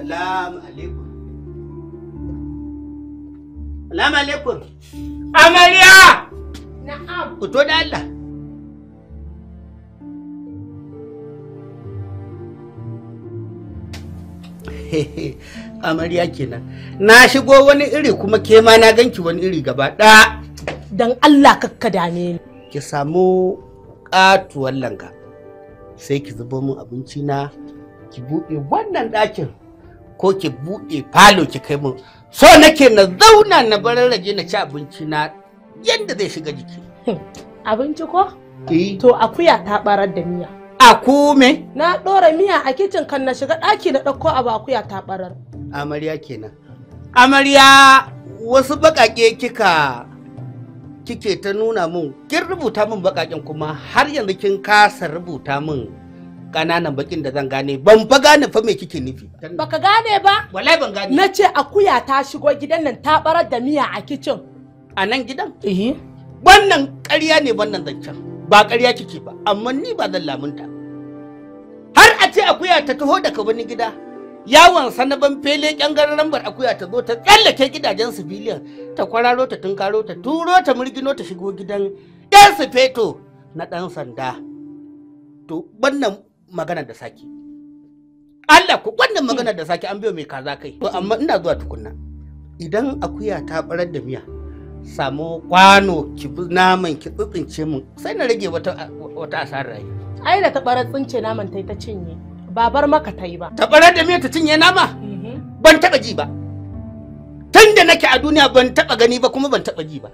Salam alaikum. Salam alaikum. Amarya! Na'am. Kuto da Allah. Amarya kenan. Na shigo wani iri kuma ke ma na ganki wani iri gaba ɗaya. Don Allah kakka dame ni. Ki samu ƙatuwar langa. Sai ki zuba min abinci na ki buɗe wannan ɗakin ko ki buɗe falo ki kai mun so nake na zauna na bararraje na ci abinci na yadda zai shiga jiki hmm. abinci ko to akuya ta barar da miya aku me na ɗora miya a kicin kan na shiga ɗaki na ɗauko abu akuya ta barar amarya kenan amarya wasu baƙaƙe kika kike ta nuna mun kin rubuta mun baƙaƙen kuma har yanzu kin kasa rubuta mun Kananan bakin da zan gane ban fa gane fa me kike nufi baka gane ba wallahi ban gane nace akuya ta shigo gidan nan ta barar da miya a kicin a nan gidan eh wannan ƙarya ne wannan zancen ba ƙarya kike ba amma ni ba zan lamunta har a ce akuya ta taho daga wani gida yawon sanaban fele kyangaren lambar akuya ta zo ta tsallake gidajen civilian ta kwararo ta tunkaro ta turo ta murgino ta shigo gidan su feto na ɗan sanda to wannan magana da sake Allah ku wannan magana da sake an biyo mai kaza kai amma ina zuwa tukunna idan akuya ta barar da miya samu kwano ki naman ki tsitsince mu sai na rage wata wata asarar rai ai da ta barar tsince naman tai ta cinye babar maka tai ba ta barar da miya ta cinye nama mhm. ban taba ji ba tun da nake a duniya ban taba gani ba kuma ban taba ji ba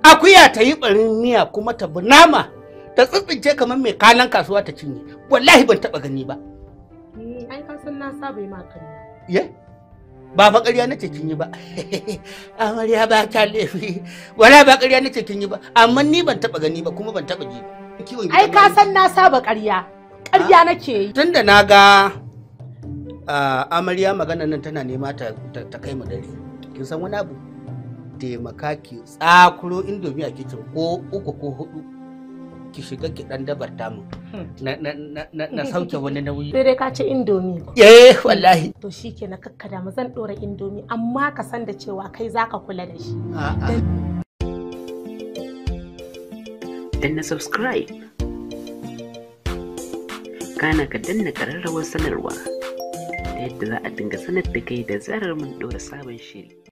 akuya ta yi barin miya kuma ta bi nama ta tsintsince kamar mai kalan kasuwa ta cinye wallahi ban taba gani ba mm, ai ka san na saba yi maka ye ba fa ƙarya nace kin yi ba amarya ba ta lefi wala ba ƙarya nace kin yi ba amma ni ban taba gani ba kuma ban taba ji ai ka san na saba ƙarya ƙarya ah. nake yi tunda na ga amarya magana nan tana nema ta kai mu dare kin san wani abu taimaka ki tsakuro indomi a kitchen ko uku ko hudu ki shiga hmm. ki dan dabar mu na sauke wani nauyi sai dai ka ci indomi eh wallahi to shike na kakkada mu zan dora indomi amma ka san da cewa kai zaka kula da shi danna subscribe kana ka danna kararrawar sanarwa ta yadda za a dinga sanar da kai da zarar mun dora sabon shiri